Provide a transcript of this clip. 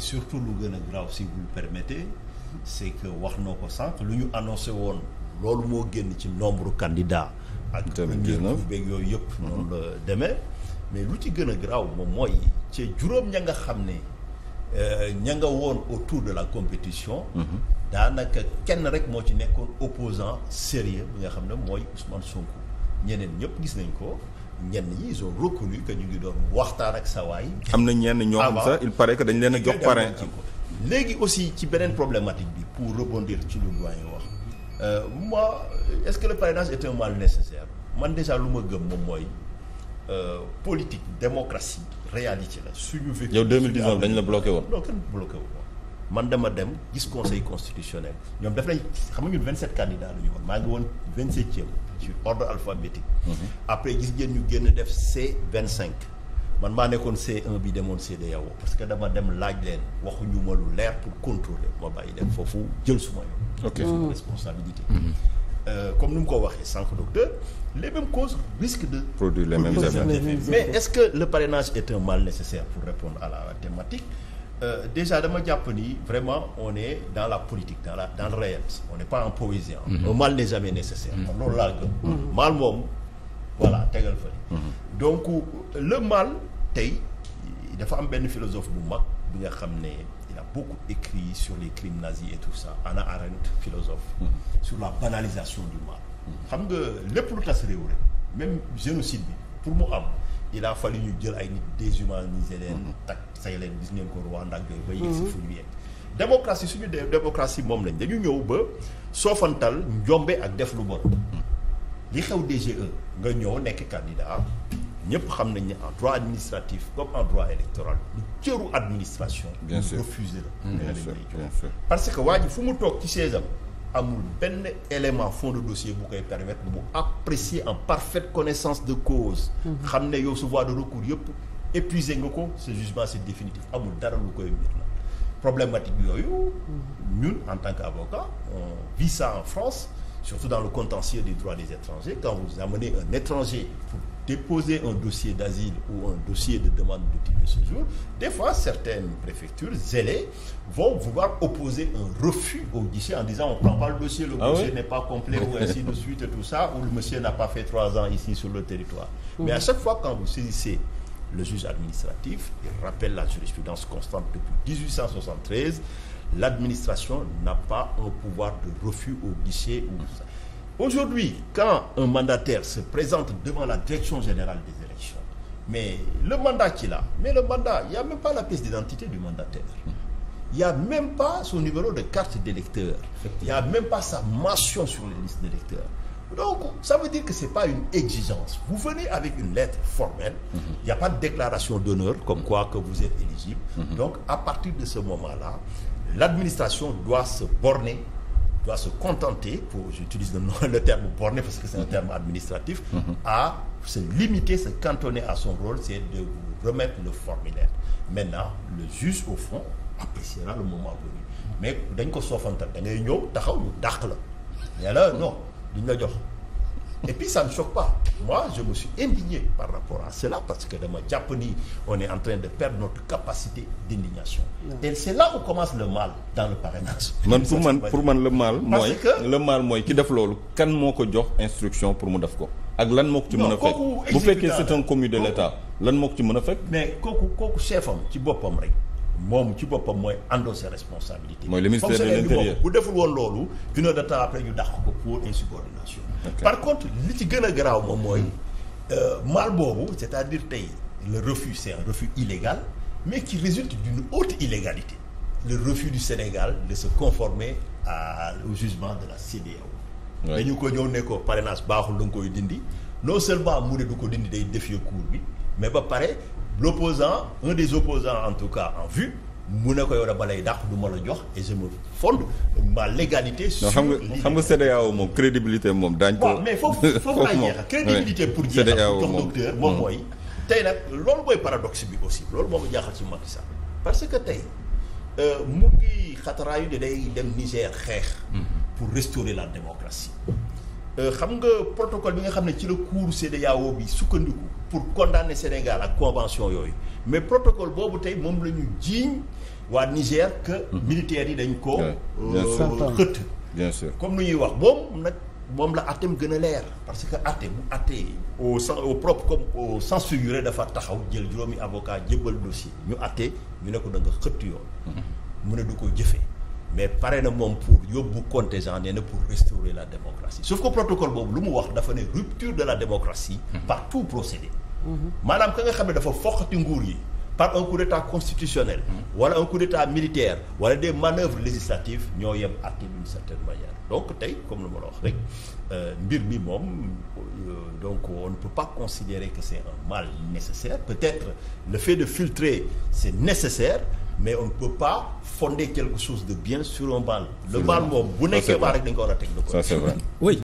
surtout lu gën a grave si vous le c'est que wax na ko sànq lu ñu annoncé woon loolu moo génn ci nombre candidat ak ñëbu béeg yooyu yëpp mhm. noonu la demee mais lu ci gën a graw moom mooy ci juróom ña nga xam ne euh, ña nga woon autour de la compétition mhm. daanaka kenn rek moo ci nekkoon opposant sérieux bi nga xam ne mooy Ousmane Sonko ñeneen ñëpp gis nañ ko ñenn ñi ils ont reconnu que ñu ngi doon waxtaan ak sa sawaay am na ñenn ñoo xam sax il paraît que dañ leen a jox parrain léegi aussi ci beneen problématique bi pour rebondir ci lu doyen wax euh, moi est-ce que le parrainage est un mal nécessaire man déjà lu ma gëm moom mooy euh, politique démocratie réalité la suñu vécu yow 2019 dañ la bloqué woon non kenn bloqué man dama dem gis conseil constitutionnel ñoom daf nañ xam nga ñun 27 candidats la ñu woon maa ngi woon 27e sur ordre alphabétique. Mhm. après gis ngeen ñu génn def c cinq man maa nekkoon c un bi demoon CEDEAO parce que dama dem laaj leen waxuñu ma lu leer pour contrôler ma bàyyi dem foofu jël suma yoon. ok suma mhm. responsabilité. Mhm. Euh, comme ni mu ko waxee sànq docteur les mêmes causes risquent de. produire les mêmes effets mais est-ce que le parrainage est à la Euh, déjà dama jàpp ni vraiment on est dans la politique dans la dans le réel on n'est pas en poésie mm mal n'est jamais nécessaire mhm. loolu laa gëm mhm. mal moom voilà tegal fa mhm. donc le mal tey dafa am benn philosophe bu mag bi nga xam ne il a beaucoup écrit sur les crimes nazis et tout ça Anna Arendt philosophe sur la banalisation du mal xam nga lépp lu tas réew rek même génocide bi pour mu am il a fallu ñu jël ay nit déshumaniser leen. Mhm. tak say leen gis ngeen ko Rwanda ak ba yegg si mhm. fu ñu yegg. démocratie suñu dé démocratie moom lañ dañu ñëw ba soofantal njombe ak def lu bon. li xew DGE nga ñëw nekk candidat ñëpp xam nañ ne en droit administratif comme en droit électoral lu cëru administration. Mhm. parce que waa ji fu mu toog ci chaise am amul benn élément fond de dossier bu koy permettre bu apprécier en parfaite connaissance de cause mhm. xam ne yow su voie de recours yëpp épuisé nga ko ce jugement c'est définitif amul dara lu koy mbir la problématique yooyu mhm. ñun en tant qu'avocat on vit ça en France surtout dans le contentieux des droits des étrangers quand vous amenez un étranger déposer un dossier d'asile ou un dossier de demande de titre séjour, des fois, certaines préfectures zélées vont vouloir opposer un refus au guichet en disant on ne prend pas le dossier, le ah dossier n'est pas complet ou ainsi de suite ou le monsieur n'a pas fait trois ans ici sur le territoire. Mmh. Mais à chaque fois, quand vous saisissez le juge administratif, il rappelle la jurisprudence constante depuis l'administration n'a pas un pouvoir de refus au Aujourd'hui, quand un mandataire se présente devant la direction générale des élections, mais le mandat qu'il a, mais le mandat, il n'y a même pas la pièce d'identité du mandataire. Il n'y a même pas son numéro de carte d'électeur. Il n'y a même pas sa mention sur les listes d'électeurs. Donc, ça veut dire que ce n'est pas une exigence. Vous venez avec une lettre formelle, mhm. il n'y a pas de déclaration d'honneur comme quoi que vous êtes éligible. Mhm. Donc, à partir de ce moment-là, l'administration doit se borner doit se contenter, pour, j'utilise le, nom, le terme borné parce que c'est un mm-hmm. terme administratif, mm-hmm. à se limiter, se cantonner à son rôle, c'est de vous remettre le formulaire. Maintenant, le juge, au fond, appréciera le moment venu. mais dañ ko soofantal da ngay ñëw taxaw ñu dàq la. yàlla non duñ la jox et puis ça ne choque pas. moi je me suis indigné par rapport à parce que dama jàpp ni on est en de perdre notre capacité d'indignation et c'est commence le mal dans man pour man pour man le mal mooy le mal mooy ki def loolu kan moo ko jox instruction pour mu def ko ak lan moo ko ci mën a fekk bu fekkee c'est un de l'État lan moo ko ci mën a fekk mais kooku kooku chefam ci boppam rek moom ci boppam mooy endossé responsabilité. mooy le ministère de l'intérieur bu deful woon loolu une heure de temps après ñu dàq ko pour insubordination. par contre li ci gën a garaaw moom mooy euh, mal boobu c'est-à-dire tey le refus c'est un refus illégal mais qui résulte d'une haute illégalité le refus du Sénégal de se conformer à au jugement de la CEDEAO. dañu ko ñëw ne ko baaxul da nga koy dindi non seulement mu ne du ko dindi day défier cour bi mais ba pare. l'opposant un des opposants en tout cas en vue mu ne ko yow da balay dàq du ma la jox et je me fonde ma légalité sur xam nga xam nga CEDEAO moom moom daañ ko mais foofu foofu laay jeexal crédibilité pour jeexal jox docteur moom mm. mooy tey nag loolu mooy paradoxe bi aussi loolu moo ma si ci Macky Sall parce que tey euh, mu ngi xataraayu ne day dem Niger xeex mm-hmm. pour restaurer la démocratie Euh, xam nga protocole bi nga xam ne ci la cour CEDEAO bi sukkandiku pour condamner Sénégal ak convention yooyu mais protocole boobu tey moom la ñu jiiñ waa Niger que mhm. militaires yi dañ ko xëtt euh, comme lu ñuy wax moom nag moom la àtteem gën a leer parce que àtte bu àttee au sens au propre comme au sens figuré dafa taxaw jël juróomi avocat jébbal dossier ñu àtte ñu ne ko da nga xëtt yoon mhm. mu ne du ko jëfe mais pare na moom pour yóbbu contingent nee na pour restaurer la démocratie sauf que protocole boobu lu mu wax dafa ne rupture de la démocratie mhm. par tout procédé mhm. maanaam ka nga xam ne dafa foqati nguur yi par un coup d'état constitutionnel mhm. wala un coup d'état militaire wala des manœuvres législatives ñoo yem àtte d'une certaine manière donc tey comme lu ma la wax rek euh, mbir mi moom euh, donc on ne peut pas considérer que c'est un mal nécessaire peut-être le fai de filtrer c'est nécessaire mais on ne peut pas fonder quelque chose de bien sur un bal. le bal moom bu nekkee bal rek dañ ko war a teg de côté. ça c'est oui.